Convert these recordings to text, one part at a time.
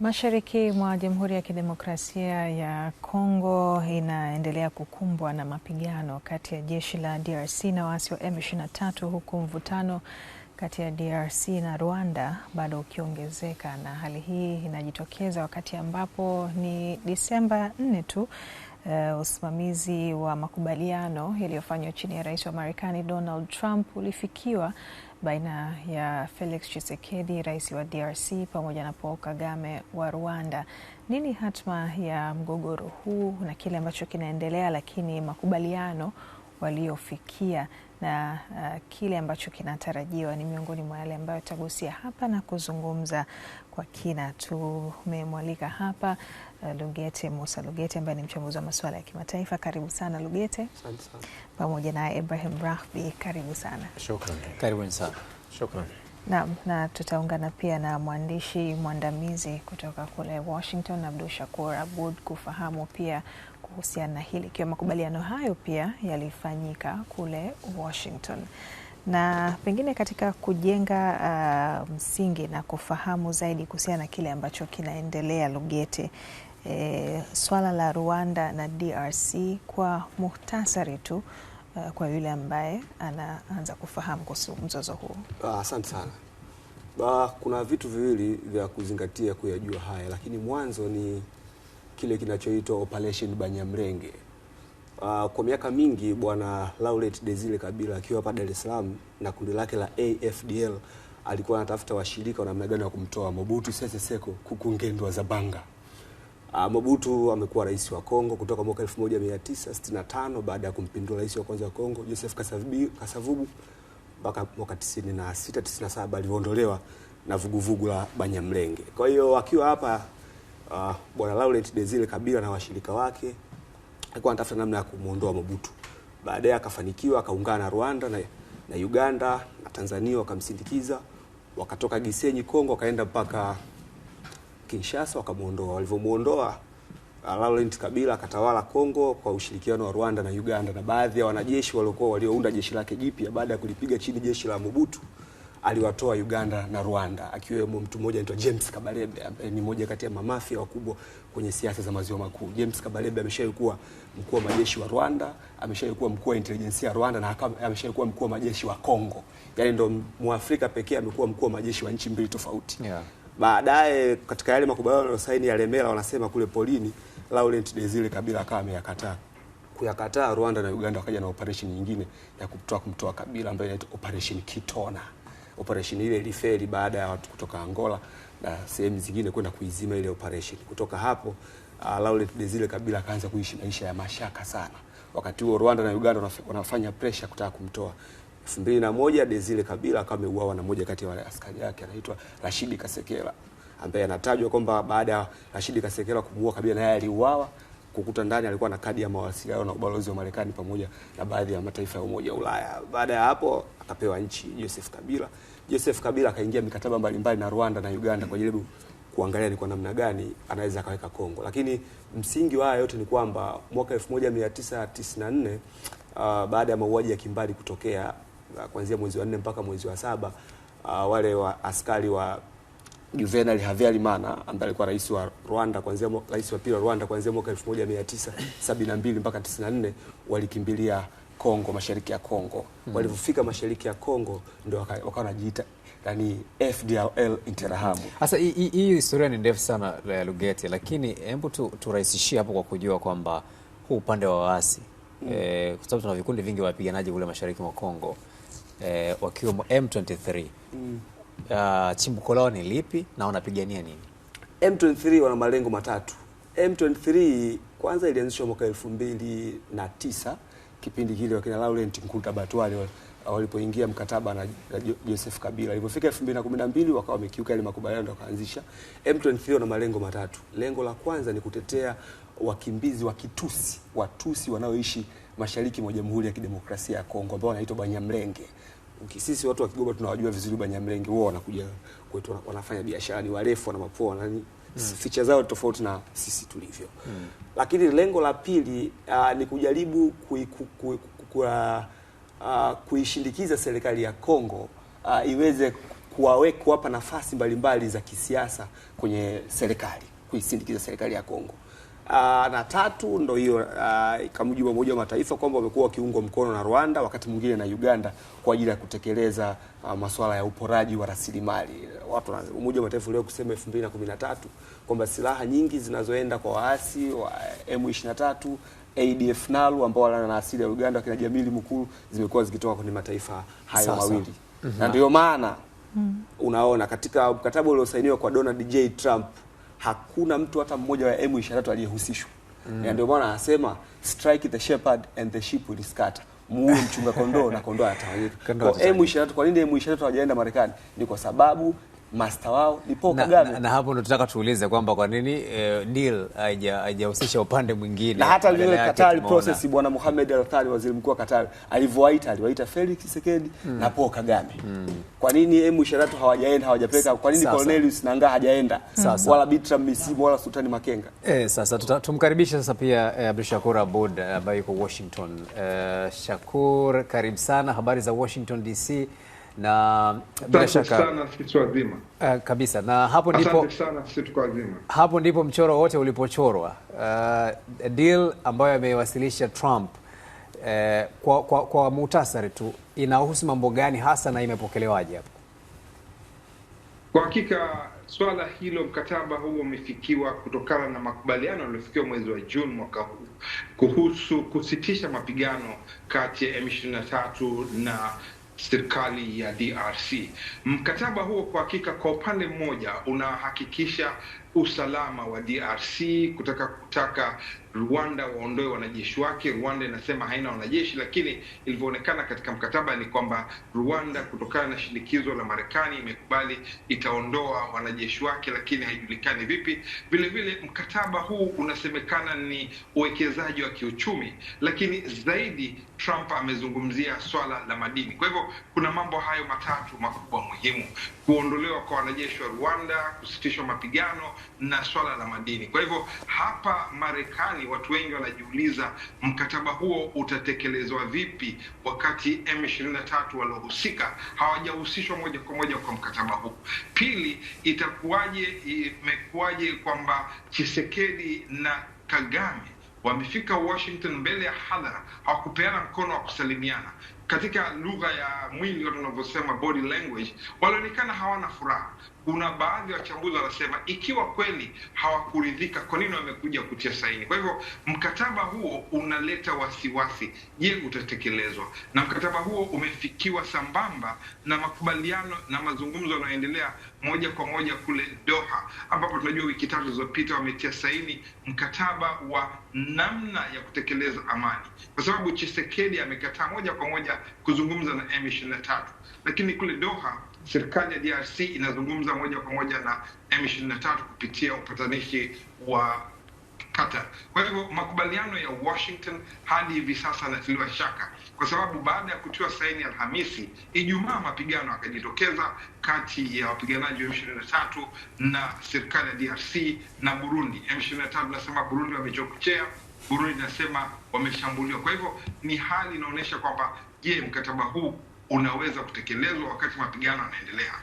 Mashariki mwa Jamhuri ya Kidemokrasia ya Kongo inaendelea kukumbwa na mapigano kati ya jeshi la DRC na waasi wa M23 huku mvutano kati ya DRC na Rwanda bado ukiongezeka, na hali hii inajitokeza wakati ambapo ni Disemba nne tu uh, usimamizi wa makubaliano yaliyofanywa chini ya rais wa Marekani Donald Trump ulifikiwa baina ya Felix Tshisekedi, rais wa DRC, pamoja na Paul Kagame wa Rwanda. Nini hatma ya mgogoro huu na kile ambacho kinaendelea, lakini makubaliano waliofikia na uh, kile ambacho kinatarajiwa ni miongoni mwa yale ambayo tagusia hapa na kuzungumza kwa kina. Tumemwalika hapa uh, Lugete Musa Lugete ambaye ni mchambuzi wa masuala ya kimataifa. Karibu sana Lugete, pamoja na Ibrahim Rahbi, karibu sana. Shukrani. Karibuni sana. Shukrani. Naam, na tutaungana pia na mwandishi mwandamizi kutoka kule Washington Abdul Shakur Abud kufahamu pia kuhusiana na hili, ikiwa makubaliano hayo pia yalifanyika kule Washington na pengine katika kujenga uh, msingi na kufahamu zaidi kuhusiana na kile ambacho kinaendelea Lugete. E, swala la Rwanda na DRC kwa muhtasari tu uh, kwa yule ambaye anaanza kufahamu kuhusu mzozo huu. Ah, asante ah, sana ba, kuna vitu viwili vya kuzingatia kuyajua haya, lakini mwanzo ni kile kinachoitwa Operation Banyamrenge. Uh, kwa miaka mingi Bwana Laurent Desile Kabila akiwa hapa Dar es Salaam na kundi lake la AFDL alikuwa anatafuta washirika wa namna gani wa kumtoa Mobutu Sese Seko kukungendwa za banga. Uh, Mobutu amekuwa rais wa Kongo kutoka mwaka 1965 baada ya kumpindua rais wa kwanza wa Kongo Joseph Kasavubu mpaka mwaka 96 97 aliondolewa na vuguvugu la Banyamlenge. Kwa hiyo akiwa hapa uh, bwana Laurent Desire Kabila na washirika wake alikuwa anatafuta namna ya kumwondoa Mobutu. Baadaye akafanikiwa akaungana na Rwanda na, na Uganda na Tanzania wakamsindikiza, wakatoka Gisenyi Kongo wakaenda mpaka Kinshasa wakamwondoa. Walivyomwondoa ah, Laurent Kabila akatawala Kongo kwa ushirikiano wa Rwanda na Uganda na baadhi ya wanajeshi waliokuwa waliounda jeshi lake jipya baada ya kulipiga chini jeshi la Mobutu aliwatoa Uganda na Rwanda, akiwemo mtu mmoja anaitwa James Kabarebe ni mmoja kati ya mamafia wakubwa kwenye siasa za maziwa makuu. James Kabarebe ameshawahi kuwa mkuu wa majeshi wa Rwanda, ameshawahi kuwa mkuu wa intelijensia ya Rwanda na ameshawahi kuwa mkuu wa majeshi wa Kongo. Yani ndo Mwafrika pekee amekuwa mkuu wa majeshi wa nchi mbili tofauti. Yeah. Baadaye katika yale makubaliano yaliyosaini ya Lemela, wanasema kule polini, Laurent Desire Kabila akawa ameyakataa kuyakataa. Rwanda na Uganda wakaja na operation nyingine ya kutoa kumtoa Kabila ambayo inaitwa operation Kitona operation ile ilifeli baada ya watu kutoka Angola na sehemu zingine kwenda kuizima ile operation. Kutoka hapo uh, Laurent Desire Kabila akaanza kuishi maisha ya mashaka sana. Wakati huo Rwanda na Uganda wanafanya pressure kutaka kumtoa. 2001 Desire Kabila akawa ameuawa na moja kati ya wale askari yake anaitwa Rashidi Kasekela ambaye anatajwa kwamba baada ya Rashidi Kasekela kumuua Kabila naye aliuawa kukuta ndani alikuwa na kadi ya mawasiliano na ubalozi wa Marekani pamoja na baadhi ya mataifa ya Umoja wa Ulaya. Baada ya hapo akapewa nchi Joseph Kabila Joseph Kabila akaingia mikataba mbalimbali na Rwanda na Uganda kwa ajili kuangalia ni kwa namna gani anaweza akaweka Kongo, lakini msingi wa haya yote ni kwamba mwaka 1994 uh, baada ya mauaji ya kimbari kutokea uh, kuanzia mwezi wa nne mpaka mwezi wa saba uh, wale wa askari wa Juvenal Habyarimana ambaye alikuwa rais wa Rwanda kuanzia rais wa pili wa Rwanda kuanzia mwaka 1972 mpaka 94 walikimbilia Kongo, mashariki ya Kongo mm. Walivyofika mashariki ya Kongo ndio wakawa wanajiita yani FDLR Interahamwe. Sasa hii historia ni ndefu sana ya eh, Lugete, lakini hebu tu turahisishie hapo kwa kujua kwamba huu upande wa waasi mm. eh, kwa sababu tuna vikundi vingi vya wapiganaji kule mashariki mwa Kongo eh, wakiwemo M23 mm. Uh, chimbuko lao ni lipi na wanapigania nini? M23 wana malengo matatu. M23 kwanza ilianzishwa mwaka elfu mbili na tisa kipindi kile wakina Laurent Nkutabatware walipoingia mkataba na, Joseph Kabila. Ilipofika 2012 wakawa wamekiuka ile makubaliano, wakaanzisha M23 na malengo matatu. Lengo la kwanza ni kutetea wakimbizi wa Kitusi, Watusi wanaoishi mashariki mwa Jamhuri ya Kidemokrasia ya Kongo ambao wanaitwa Banyamlenge. Sisi watu wa Kigoma tunawajua vizuri Banyamlenge, wao wanakuja kwetu wanafanya biashara, ni warefu na mapoa nani mm. Ficha zao tofauti na sisi tulivyo mm. Lakini lengo la pili uh, ni kujaribu kuishindikiza uh, kuishindikiza serikali ya Kongo uh, iweze kuwaweka kuwapa nafasi mbalimbali za kisiasa kwenye serikali, kuisindikiza serikali ya Kongo. Uh, na tatu ndo hiyo uh, kwa wa Umoja wa Mataifa kwamba wamekuwa wakiungwa mkono na Rwanda wakati mwingine na Uganda kwa ajili ya kutekeleza uh, masuala ya uporaji wa rasilimali watu Umoja wa Mataifa leo kusema 2013 kwamba silaha nyingi zinazoenda kwa waasi wa M23 ADF NALU ambao wana na asili ya Uganda wakina Jamili Mukulu zimekuwa zikitoka kwenye mataifa hayo mawili mm -hmm. na ndio maana mm -hmm. unaona katika mkataba uliosainiwa kwa Donald J Trump hakuna mtu hata mmoja wa M23 aliyehusishwa mm -hmm. na ndio maana anasema strike the shepherd and the sheep will scatter muue mchunga kondoo na kondoo atawanyika. Kwa M23 kwa nini M23 hawajaenda Marekani? Ni kwa sababu masta wao Lipo Kagame na, na, na hapo ndo tunataka tuulize kwamba kwa nini eh, deal haijahusisha upande mwingine na hata vile Qatar process bwana Mohamed Al-Thani waziri mkuu wa Qatar alivyowaita aliwaita Felix Tshisekedi mm. na Paul Kagame mm. kwa nini M23 hawajaenda hawajapeleka kwa nini Cornelius Nangaa hajaenda wala Bertrand Bisimwa wala Sultani Makenga eh, sasa tumkaribisha sasa pia eh, Abdul Shakur Abud ambaye yuko Washington eh, Shakur karibu sana habari za Washington DC na bila shaka sana sisi wazima uh, eh, kabisa na hapo ndipo sana sisi tuko wazima. Hapo ndipo mchoro wote ulipochorwa uh, deal ambayo ameiwasilisha Trump uh, kwa, kwa, kwa muhtasari tu inahusu mambo gani hasa na imepokelewaje hapo? Kwa hakika swala hilo, mkataba huo umefikiwa kutokana na makubaliano yaliyofikiwa mwezi wa Juni mwaka huu kuhusu kusitisha mapigano kati ya M23 na serikali ya DRC. Mkataba huo kwa hakika, kwa upande mmoja unahakikisha usalama wa DRC kutaka kutaka Rwanda waondoe wanajeshi wake. Rwanda inasema haina wanajeshi, lakini ilivyoonekana katika mkataba ni kwamba Rwanda, kutokana na shinikizo la Marekani, imekubali itaondoa wanajeshi wake, lakini haijulikani vipi. Vile vile mkataba huu unasemekana ni uwekezaji wa kiuchumi, lakini zaidi Trump amezungumzia swala la madini. Kwa hivyo kuna mambo hayo matatu makubwa muhimu: kuondolewa kwa wanajeshi wa Rwanda, kusitishwa mapigano na swala la madini. Kwa hivyo hapa Marekani watu wengi wanajiuliza mkataba huo utatekelezwa vipi, wakati M23 waliohusika hawajahusishwa moja kwa moja kwa mkataba huu. Pili, itakuwaje, imekuwaje kwamba Chisekedi na Kagame wamefika Washington mbele ya hadhara, hawakupeana mkono wa kusalimiana katika lugha ya mwili watu wanavyosema body language, walionekana hawana furaha kuna baadhi ya wachambuzi wanasema ikiwa kweli hawakuridhika, kwa nini wamekuja kutia saini? Kwa hivyo mkataba huo unaleta wasiwasi, je, utatekelezwa? Na mkataba huo umefikiwa sambamba na makubaliano na mazungumzo yanayoendelea moja kwa moja kule Doha, ambapo tunajua wiki tatu zilizopita wametia saini mkataba wa namna ya kutekeleza amani, kwa sababu Chisekedi amekataa moja kwa moja kuzungumza na M23, lakini kule Doha serikali ya DRC inazungumza moja kwa moja na M23 kupitia upatanishi wa Qatar. Kwa hivyo makubaliano ya Washington hadi hivi sasa yanatiliwa shaka, kwa sababu baada ya kutiwa saini Alhamisi, Ijumaa mapigano yakajitokeza kati ya wapiganaji wa M23 na serikali ya DRC na Burundi. M23 nasema Burundi wamechochea, Burundi nasema wameshambuliwa. Kwa hivyo ni hali inaonyesha kwamba, je, mkataba huu unaweza kutekelezwa wakati mapigano yanaendelea.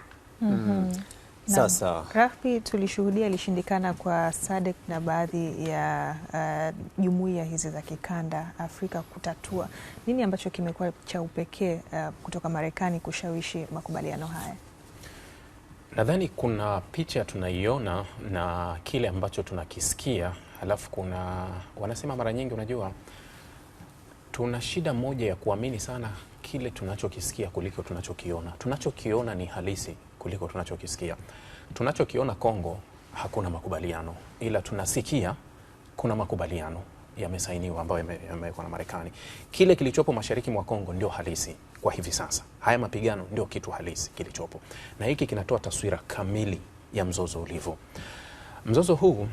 mm -hmm. Sasa Rahby, tulishuhudia ilishindikana kwa SADC na baadhi ya uh, jumuiya uh, hizi za kikanda Afrika kutatua. Nini ambacho kimekuwa cha upekee uh, kutoka Marekani kushawishi makubaliano haya? Nadhani kuna picha tunaiona na kile ambacho tunakisikia, halafu kuna wanasema mara nyingi, unajua Tuna shida moja ya kuamini sana kile tunachokisikia kuliko tunachokiona. Tunachokiona ni halisi kuliko tunachokisikia. Tunachokiona Kongo hakuna makubaliano, ila tunasikia kuna makubaliano yamesainiwa ambayo yamewekwa na Marekani. Kile kilichopo mashariki mwa Kongo ndio halisi kwa hivi sasa. Haya mapigano ndio kitu halisi kilichopo, na hiki kinatoa taswira kamili ya mzozo ulivyo. Mzozo huu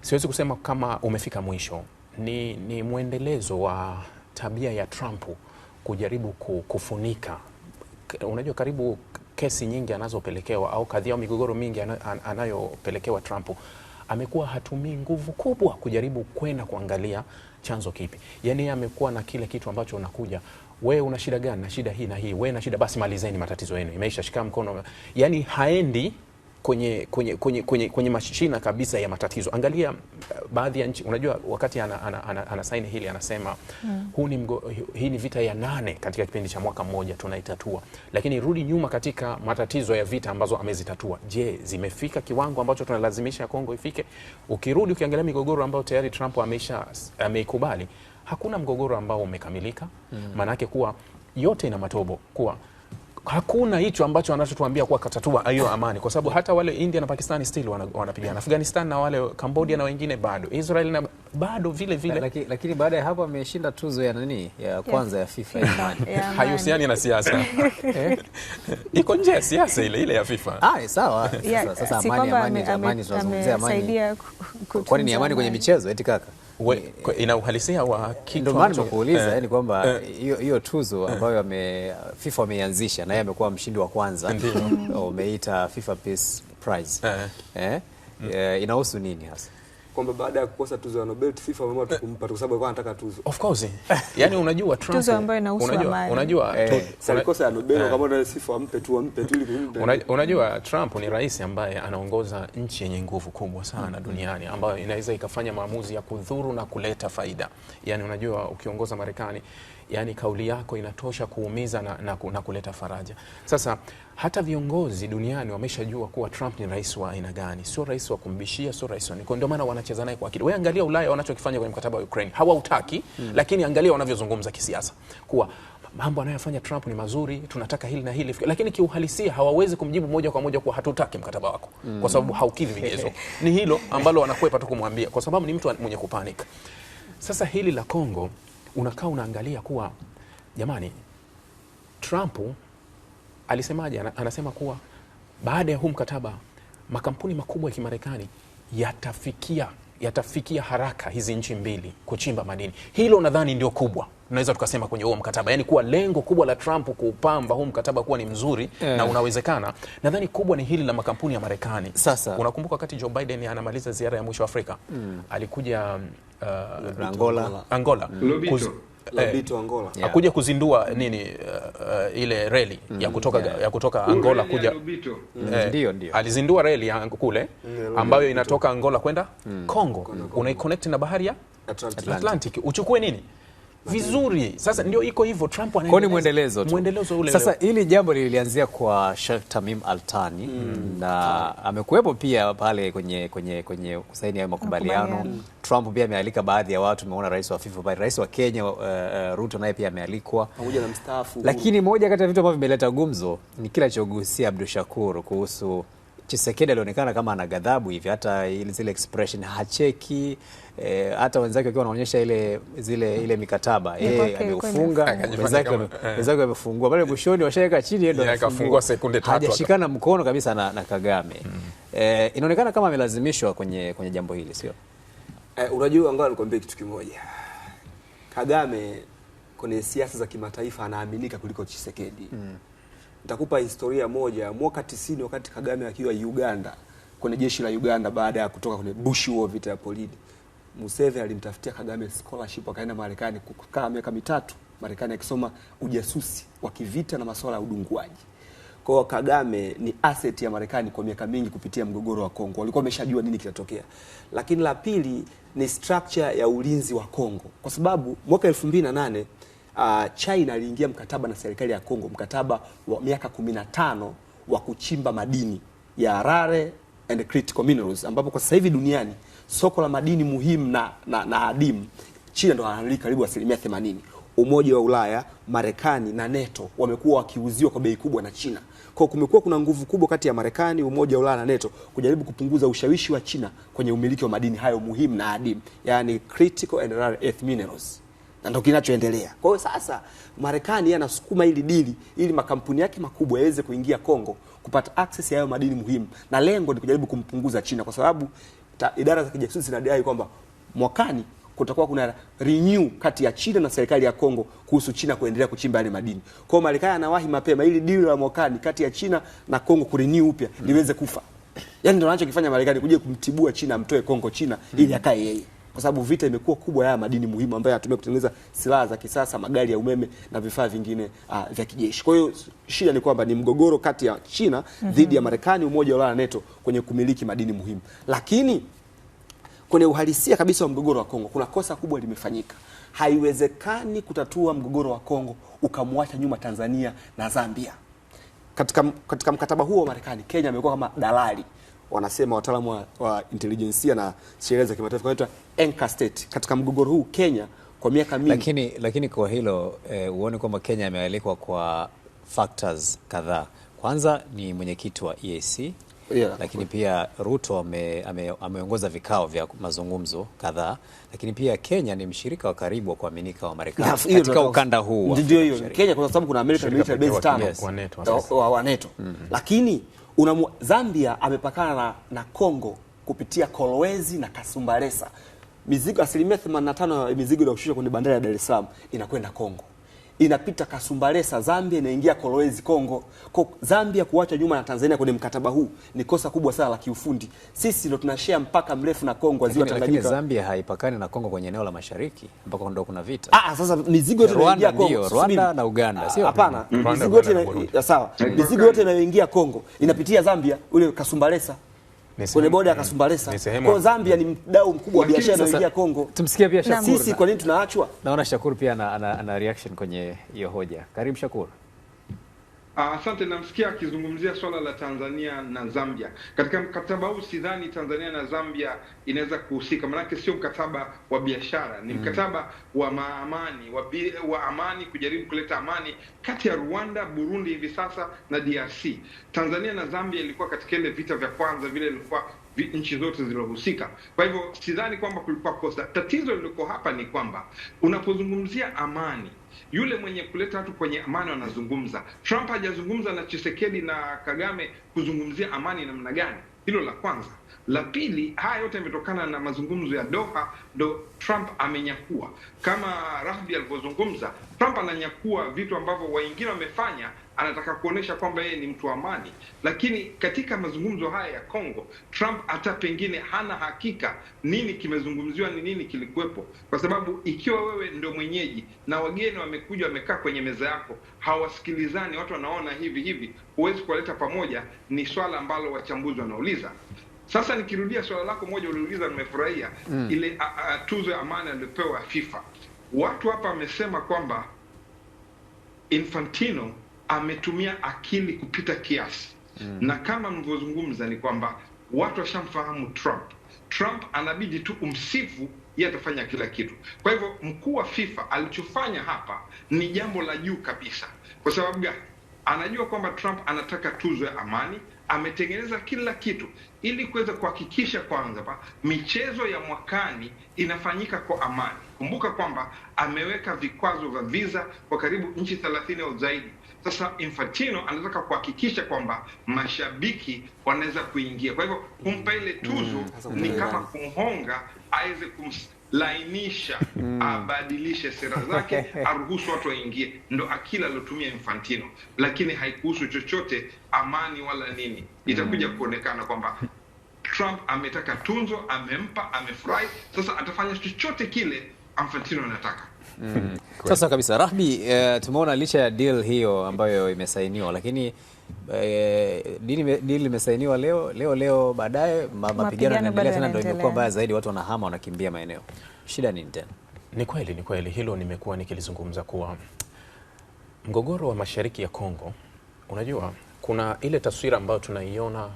siwezi kusema kama umefika mwisho, ni, ni mwendelezo wa tabia ya Trump kujaribu kufunika, unajua karibu kesi nyingi anazopelekewa au kadhia au migogoro mingi anayopelekewa Trump amekuwa hatumii nguvu kubwa kujaribu kwenda kuangalia chanzo kipi. Yani yeye amekuwa na kile kitu ambacho unakuja we una shida gani? Na shida hii na hii, we na shida basi, malizeni matatizo yenu, imeisha, shika mkono. Yani haendi kwenye, kwenye, kwenye, kwenye, kwenye mashina kabisa ya matatizo. Angalia uh, baadhi ya nchi, unajua wakati ana, ana, ana, ana saini hili anasema mm. huu ni mgo, hii ni vita ya nane katika kipindi cha mwaka mmoja tunaitatua, lakini rudi nyuma katika matatizo ya vita ambazo amezitatua. Je, zimefika kiwango ambacho tunalazimisha Kongo ifike? Ukirudi ukiangalia migogoro ambayo tayari Trump ameisha ameikubali, hakuna mgogoro ambao umekamilika mm. kuwa yote ina matobo kuwa hakuna hicho ambacho anachotuambia kuwa katatua hiyo amani, kwa sababu hata wale India na pakistani still wanapigana, Afghanistan na wale Cambodia na wengine bado, Israel na bado vile vile, lakini baada ya hapo ameshinda tuzo ya nani ya kwanza ya FIFA ya amani haihusiani na siasa eh? iko nje ya siasa ile ile ya FIFA. Ah, eh, sawa. Sasa amani, amani tunazungumzia amani, kwani ni amani kwenye michezo eti kaka? we, ina uhalisia wa kitu. Ndio maana nimekuuliza eh, yani kwamba eh. hiyo eh, hiyo tuzo ambayo ame, FIFA wameianzisha na yeye amekuwa mshindi wa kwanza umeita FIFA Peace Prize eh, eh, mm. eh, inahusu nini hasa? kwamba baada ya kukosa tuzo ya Nobel FIFA wameamua tukumpa kwa sababu alikuwa anataka tuzo. Of course. Eh. Yaani unajua Trump tuzo ambayo inahusu unajua, unajua eh, alikosa ya Nobel kama ndio sifa ampe tu ampe tu ili kumpa. Unajua Trump ni rais ambaye anaongoza nchi yenye nguvu kubwa sana duniani ambayo inaweza ikafanya maamuzi ya kudhuru na kuleta faida. Yaani unajua ukiongoza Marekani, yani kauli yako inatosha kuumiza na, na, na kuleta faraja. Sasa hata viongozi duniani wameshajua kuwa Trump ni rais wa aina gani, sio rais wa kumbishia, sio rais wa niko. Ndio maana wanacheza naye kwa akili. Wewe angalia Ulaya wanachokifanya kwenye mkataba wa Ukraine, hawautaki hmm. Lakini angalia wanavyozungumza kisiasa kuwa mambo anayofanya Trump ni mazuri, tunataka hili na hili, lakini kiuhalisia hawawezi kumjibu moja kwa moja kuwa hatutaki mkataba wako mm. kwa sababu haukidhi vigezo. Ni hilo ambalo wanakwepa tu kumwambia, kwa sababu ni mtu mwenye kupanic. Sasa hili la Kongo unakaa unaangalia kuwa jamani, Trump alisemaje? Anasema kuwa baada ya huu mkataba makampuni makubwa ya Kimarekani yatafikia yatafikia haraka hizi nchi mbili kuchimba madini. Hilo nadhani ndio kubwa tunaweza tukasema kwenye huo mkataba, yaani kuwa lengo kubwa la Trump kuupamba huu mkataba kuwa ni mzuri yeah, na unawezekana. Nadhani kubwa ni hili la makampuni ya Marekani. Sasa unakumbuka wakati Joe Biden anamaliza ziara ya mwisho Afrika mm, alikuja uh, Angola, Angola. Mm. Lobito eh, Angola yeah. Akuja kuzindua nini uh, uh, ile reli mm, ya kutoka, yeah. ya kutoka Angola kuja mm. Eh, ndio, ndio. Alizindua reli kule mm. ambayo inatoka Angola kwenda mm. Kongo, Kongo. Unai connect na bahari ya Atlantic. Atlantic, Atlantic. Uchukue nini vizuri. Sasa ndio iko hivyo, Trump anaendelea. Kwani mwendelezo tu. Mwendelezo ule. Sasa hili jambo lilianzia kwa Sheikh Tamim Altani mm. na amekuwepo pia pale kwenye kwenye kwenye kusaini hayo makubaliano. Trump pia amealika baadhi ya watu, umeona rais wa FIFA pale, rais wa Kenya uh, uh, Ruto naye pia amealikwa pamoja na mstaafu. Lakini moja kati ya vitu ambavyo vimeleta gumzo ni kila alichogusia Abdul Shakur kuhusu Chisekedi alionekana kama ana ghadhabu hivi, hata zile expression hacheki eh, hata wenzake wakiwa wanaonyesha ile zile ile mikataba yeye ameufunga, eh. wenzake wamefungua pale mwishoni, washaweka chini, ndo akafungua sekunde tatu, hajashikana mkono kabisa na, na Kagame mm. Eh, inaonekana kama amelazimishwa kwenye, kwenye jambo hili sio? Eh, unajua ngoja nikwambie kitu kimoja, Kagame kwenye siasa za kimataifa anaaminika kuliko Chisekedi mm nitakupa historia moja. Mwaka tisini wakati Kagame akiwa Uganda kwenye jeshi la Uganda baada ya kutoka kwenye Bush War, vita ya Polini, Museveni alimtafutia Kagame scholarship, akaenda Marekani kukaa miaka mitatu Marekani akisoma ujasusi wa kivita na masuala ya udunguaji. Kwa hiyo Kagame ni asset ya Marekani kwa miaka mingi kupitia mgogoro wa Kongo. Walikuwa wameshajua nini kitatokea. Lakini la pili ni structure ya ulinzi wa Kongo. Kwa sababu mwaka 2008 uh, China iliingia mkataba na serikali ya Kongo, mkataba wa miaka 15 wa kuchimba madini ya rare and critical minerals, ambapo kwa sasa hivi duniani soko la madini muhimu na, na, na adimu China ndo anamiliki karibu asilimia 80. Umoja wa Ulaya, Marekani na NATO wamekuwa wakiuziwa kwa bei kubwa na China. Kwa kumekuwa kuna nguvu kubwa kati ya Marekani, Umoja wa Ulaya na NATO kujaribu kupunguza ushawishi wa China kwenye umiliki wa madini hayo muhimu na adimu, yani critical and rare earth minerals na ndio kinachoendelea. Kwa hiyo sasa Marekani anasukuma hili dili ili makampuni yake makubwa yaweze kuingia Kongo kupata access ya hayo madini muhimu, na lengo ni kujaribu kumpunguza China, kwa sababu ta, idara za kijasusi zinadai kwamba mwakani kutakuwa kuna renew kati ya China na serikali ya Kongo kuhusu China kuendelea kuchimba yale madini. Kwa hiyo Marekani anawahi mapema ili dili la mwakani kati ya China na Kongo kurenew upya liweze kufa. Yaani ndio anachokifanya Marekani kuje kumtibua China amtoe Kongo China ili akae yeye kwa sababu vita imekuwa kubwa ya madini muhimu ambayo yanatumika kutengeneza silaha za kisasa, magari ya umeme na vifaa vingine uh, vya kijeshi. Kwa hiyo shida ni kwamba ni mgogoro kati ya China mm -hmm. dhidi ya mhm. Marekani, Umoja wa Ulaya na NATO kwenye kumiliki madini muhimu, lakini kwenye uhalisia kabisa wa mgogoro wa Kongo kuna kosa kubwa limefanyika. Haiwezekani kutatua mgogoro wa Kongo ukamwacha nyuma Tanzania na Zambia. Katika, katika mkataba huo wa Marekani, Kenya amekuwa kama dalali wanasema wataalamu wa, wa intelijensia na sheria za kimataifa wanaitwa anchor state katika mgogoro huu Kenya kwa miaka mingi. Lakini, lakini kwa hilo eh, uone kwamba Kenya imealikwa kwa factors kadhaa. Kwanza ni mwenyekiti wa EAC Yeah, lakini Pia Ruto ame, ame, ameongoza vikao vya mazungumzo kadhaa, lakini pia Kenya ni mshirika wa karibu wa kuaminika wa Marekani yeah, katika ukanda huu. Ndio hiyo Kenya, kwa sababu kuna American military base tano wa NATO, lakini una Zambia amepakana na, na Kongo kupitia Kolwezi na Kasumbalesa. Mizigo asilimia 85 ya mizigo inayoshusha kwenye bandari ya Dar es Salaam inakwenda Kongo inapita Kasumbalesa Zambia, inaingia Kolwezi Kongo. Kwa Zambia kuacha nyuma na Tanzania kwenye mkataba huu ni kosa kubwa sana la kiufundi. Sisi ndo tunashare mpaka mrefu na Kongo, ziwa Tanganyika. Lakini Zambia haipakani na Kongo kwenye eneo la mashariki ambako ndo kuna vita. Ah, ah, sasa mizigo yote inaingia Kongo, Rwanda na Uganda, sio? Hapana, mizigo yote sawa, mizigo yote inayoingia Kongo inapitia Zambia, ule Kasumbalesa kwenye boda Kasumbalesa. kwa Zambia ni mdau mkubwa wa biashara inayoingia Kongo. Tumsikia pia Shakuru. Sisi kwa nini tunaachwa? Naona Shakuru pia ana, ana, ana reaction kwenye hiyo hoja. Karibu Shakuru. Ah, asante. Namsikia akizungumzia swala la Tanzania na Zambia. Katika mkataba huu sidhani Tanzania na Zambia inaweza kuhusika, maanake sio mkataba wa biashara, ni mm. mkataba wa maamani wa, wa amani, kujaribu kuleta amani kati ya Rwanda, Burundi hivi sasa na DRC. Tanzania na Zambia ilikuwa katika ile vita vya kwanza vile ilikuwa nchi zote zilohusika. Kwa hivyo sidhani kwamba kulikuwa kosa. Tatizo liliko hapa ni kwamba unapozungumzia amani, yule mwenye kuleta watu kwenye amani anazungumza. Trump hajazungumza na Chisekedi na Kagame kuzungumzia amani namna gani. Hilo la kwanza. La pili, haya yote yametokana na mazungumzo ya Doha, ndo Trump amenyakua. Kama Rahbi alivyozungumza, Trump ananyakua vitu ambavyo wengine wamefanya anataka kuonyesha kwamba yeye ni mtu wa amani, lakini katika mazungumzo haya ya Kongo, Trump hata pengine hana hakika nini kimezungumziwa, ni nini kilikuwepo, kwa sababu ikiwa wewe ndio mwenyeji na wageni wamekuja wamekaa kwenye meza yako, hawasikilizani, watu wanaona hivi hivi, huwezi kuwaleta pamoja, ni swala ambalo wachambuzi wanauliza. Sasa nikirudia swala lako moja uliuliza, nimefurahia mm. ile a, a, tuzo ya amani aliyopewa FIFA. Watu hapa wamesema kwamba Infantino ametumia akili kupita kiasi mm. na kama mlivyozungumza ni kwamba watu washamfahamu Trump. Trump anabidi tu umsifu, yeye atafanya kila kitu. Kwa hivyo mkuu wa FIFA alichofanya hapa ni jambo la juu kabisa. Kwa sababu gani? Anajua kwamba Trump anataka tuzo ya amani, ametengeneza kila kitu ili kuweza kuhakikisha kwamba michezo ya mwakani inafanyika kwa amani. Kumbuka kwamba ameweka vikwazo vya visa kwa karibu nchi thelathini au zaidi sasa Infantino anataka kuhakikisha kwamba mashabiki wanaweza kuingia, kwa hivyo kumpa ile mm. tuzo mm, ni kama kumhonga aweze kumlainisha mm, abadilishe sera zake aruhusu watu waingie, ndo akili aliotumia Infantino, lakini haikuhusu chochote amani wala nini. Itakuja mm. kuonekana kwamba Trump ametaka tunzo, amempa, amefurahi. Sasa atafanya chochote kile Infantino anataka. Mm. Sasa kabisa Rahbi, uh, eh, tumeona licha ya deal hiyo ambayo imesainiwa, lakini uh, deal imesainiwa leo leo leo, baadaye mapigano yanaendelea tena, ndio imekuwa mbaya zaidi, watu wanahama wanakimbia maeneo. Shida nini tena? Ni kweli, ni kweli, hilo nimekuwa nikilizungumza kuwa mgogoro wa mashariki ya Kongo, unajua kuna ile taswira ambayo tunaiona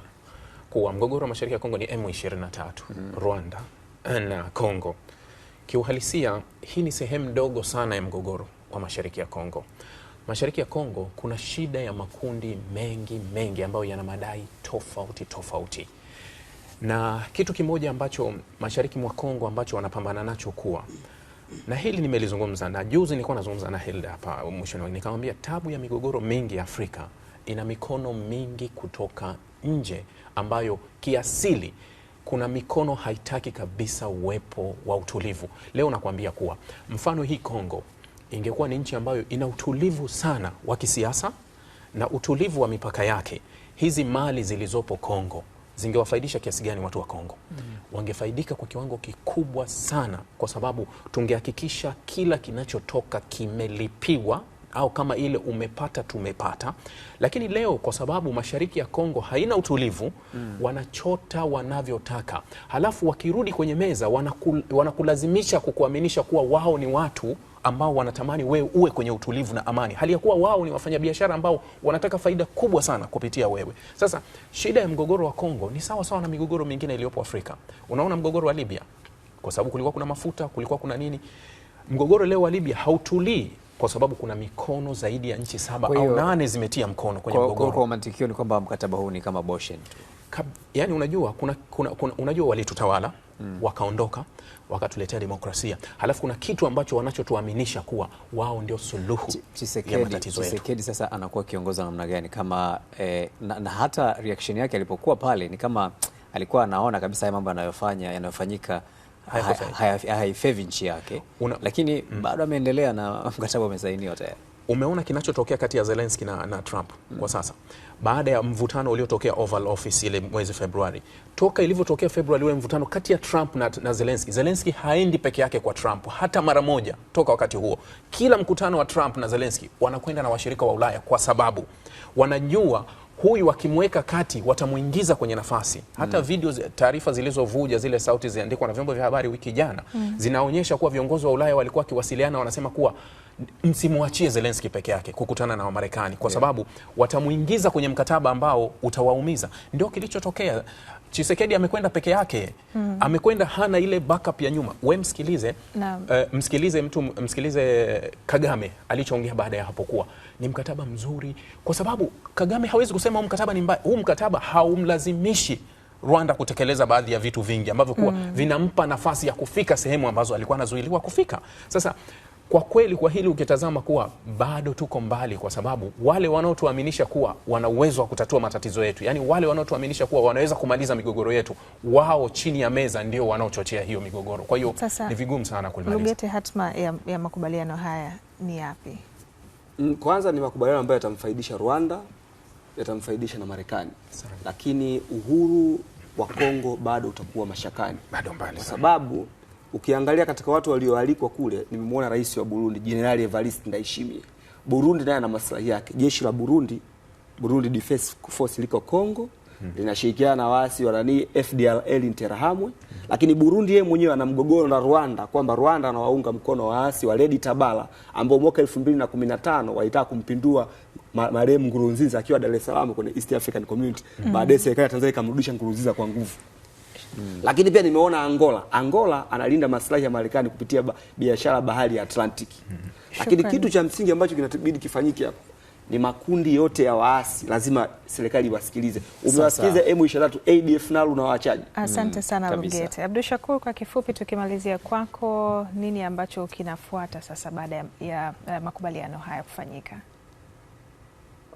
kuwa mgogoro wa mashariki ya Kongo ni M23 mm. Mm-hmm. Rwanda na Kongo Kiuhalisia, hii ni sehemu ndogo sana ya mgogoro wa mashariki ya Kongo. Mashariki ya Kongo kuna shida ya makundi mengi mengi ambayo yana madai tofauti tofauti, na kitu kimoja ambacho mashariki mwa Kongo ambacho wanapambana nacho kuwa na hili nimelizungumza na juzi, nilikuwa nazungumza na Hilda hapa mwishoni, nikamwambia tabu ya migogoro mingi ya Afrika ina mikono mingi kutoka nje ambayo kiasili kuna mikono haitaki kabisa uwepo wa utulivu. Leo nakwambia kuwa mfano hii Kongo ingekuwa ni nchi ambayo ina utulivu sana wa kisiasa na utulivu wa mipaka yake, hizi mali zilizopo Kongo zingewafaidisha kiasi gani watu wa Kongo? mm -hmm. Wangefaidika kwa kiwango kikubwa sana, kwa sababu tungehakikisha kila kinachotoka kimelipiwa au kama ile umepata tumepata. Lakini leo kwa sababu mashariki ya Kongo haina utulivu mm. wanachota wanavyotaka, halafu wakirudi kwenye meza wanakul, wanakulazimisha kukuaminisha kuwa wao ni watu ambao wanatamani wewe uwe kwenye utulivu na amani, hali ya kuwa wao ni wafanyabiashara ambao wanataka faida kubwa sana kupitia wewe. Sasa shida ya mgogoro wa Kongo ni sawa sawa na migogoro mingine iliyopo Afrika. Unaona mgogoro wa Libya, kwa sababu kulikuwa kuna mafuta, kulikuwa kuna nini. Mgogoro leo wa Libya hautulii kwa sababu kuna mikono zaidi ya nchi saba au nane zimetia mkono kwenye mgogoro. Kwa mantikio ni kwamba mkataba huu ni kama Boshen tu. yani unajua kuna, kuna, kuna, unajua walitutawala mm. wakaondoka wakatuletea demokrasia, halafu kuna kitu ambacho wanachotuaminisha kuwa wao ndio suluhu ya matatizo yetu. Tshisekedi sasa anakuwa kiongoza namna gani kama eh, na, na hata reaction yake alipokuwa pale ni kama alikuwa anaona kabisa haya mambo yanayofanya yanayofanyika haifevi nchi yake una, lakini mm. bado ameendelea na mkataba umesainiwa tayari. Umeona kinachotokea kati ya Zelensky na, na Trump mm. kwa sasa baada ya mvutano uliotokea Oval Office ile mwezi Februari, toka ilivyotokea Februari ule mvutano kati ya Trump na, na Zelensky. Zelensky haendi peke yake kwa Trump hata mara moja toka wakati huo. Kila mkutano wa Trump na Zelensky wanakwenda na washirika wa Ulaya kwa sababu wanajua huyu wakimweka kati watamwingiza kwenye nafasi hata mm. Video taarifa zilizovuja zile sauti ziandikwa na vyombo vya habari wiki jana mm. zinaonyesha kuwa viongozi wa Ulaya walikuwa wakiwasiliana, wanasema kuwa msimwachie Zelenski peke yake kukutana na Wamarekani kwa sababu yeah, watamuingiza kwenye mkataba ambao utawaumiza. Ndio kilichotokea. Chisekedi amekwenda peke yake mm, amekwenda hana ile backup ya nyuma. We msikilize no, uh, eh, msikilize mtu msikilize Kagame alichoongea baada ya hapo, kuwa ni mkataba mzuri, kwa sababu Kagame hawezi kusema huu mkataba ni mbaya. Huu mkataba haumlazimishi Rwanda kutekeleza baadhi ya vitu vingi ambavyo kuwa mm, vinampa nafasi ya kufika sehemu ambazo alikuwa anazuiliwa kufika. Sasa kwa kweli kwa hili ukitazama kuwa bado tuko mbali, kwa sababu wale wanaotuaminisha kuwa wana uwezo wa kutatua matatizo yetu, yaani wale wanaotuaminisha kuwa wanaweza kumaliza migogoro yetu, wao chini ya meza ndio wanaochochea hiyo migogoro. Kwa hiyo ni vigumu sana kulimaliza. Lugete, hatma ya, ya makubaliano haya ni yapi? Mm, kwanza ni makubaliano ambayo yatamfaidisha Rwanda, yatamfaidisha na Marekani, lakini uhuru wa Kongo bado utakuwa mashakani, bado mbali, kwa sababu ukiangalia katika watu walioalikwa kule, nimemwona rais wa Burundi Jenerali Evariste Ndayishimiye. Burundi naye ana maslahi yake. Jeshi la Burundi, Burundi Defense Force liko Congo hmm. linashirikiana na waasi wa nani FDLR Interahamwe hmm. lakini Burundi yeye mwenyewe ana mgogoro na Rwanda kwamba Rwanda anawaunga mkono waasi wa redi Tabara ambao mwaka 2015 walitaka kumpindua marehemu Nkurunziza akiwa Dar es Salaam kwenye East African Community. Hmm. Baadaye serikali ya Tanzania ikamrudisha Nkurunziza kwa nguvu mm. Lakini pia nimeona Angola, Angola analinda maslahi ya Marekani kupitia ba, biashara bahari ya Atlantic mm. Lakini Kitu cha msingi ambacho kinatabidi kifanyike hapo ni makundi yote ya waasi lazima serikali iwasikilize. Umewasikiliza M23, ADF nalo na Asante mm, sana Lugete. Abdul Shakur, kwa kifupi tukimalizia kwako, nini ambacho kinafuata sasa baada ya, ya, ya makubaliano haya kufanyika?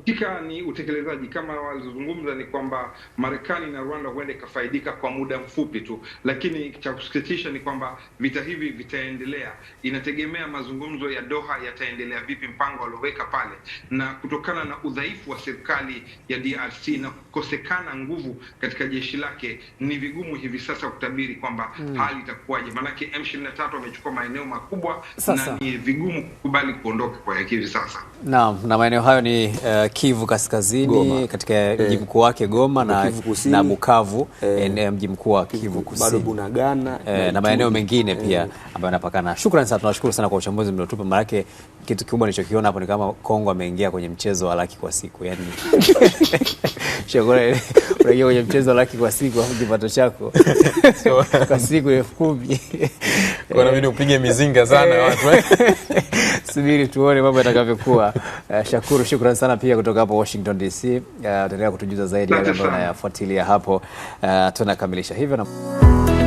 Hakika ni utekelezaji kama walizozungumza, ni kwamba Marekani na Rwanda huenda ikafaidika kwa muda mfupi tu, lakini cha kusikitisha ni kwamba vita hivi vitaendelea. Inategemea mazungumzo ya Doha yataendelea vipi, mpango walioweka pale, na kutokana na udhaifu wa serikali ya DRC na kukosekana nguvu katika jeshi lake, ni vigumu hivi sasa kutabiri kwamba hmm, hali itakuwaje, maanake M23 wamechukua maeneo makubwa sasa, na ni vigumu kukubali kuondoka kwa hivi sasa. Naam, na maeneo hayo ni uh, Kivu Kaskazini Goma, katika eh, mji mkuu wake Goma na, na Bukavu eh. eh, mji mkuu wa Kivu Kusini bado Bunagana, eh, na maeneo mengine pia eh, ambayo yanapakana. Shukrani sana, tunashukuru sana kwa uchambuzi mliotupa, maanake kitu kikubwa nilichokiona hapo ni kama Kongo ameingia kwenye mchezo wa laki kwa siku yani shukrani unaingia kwenye mchezo wa laki kwa siku afu kipato chako kwa siku elfu kumi nabidi upige mizinga sana eh. watu. Eh? Subiri tuone mambo yatakavyokuwa. Shakuru, shukrani sana pia kutoka hapo Washington DC. Utaendelea uh, kutujuza zaidi yale ambayo unayafuatilia hapo. Uh, tunakamilisha hivyo na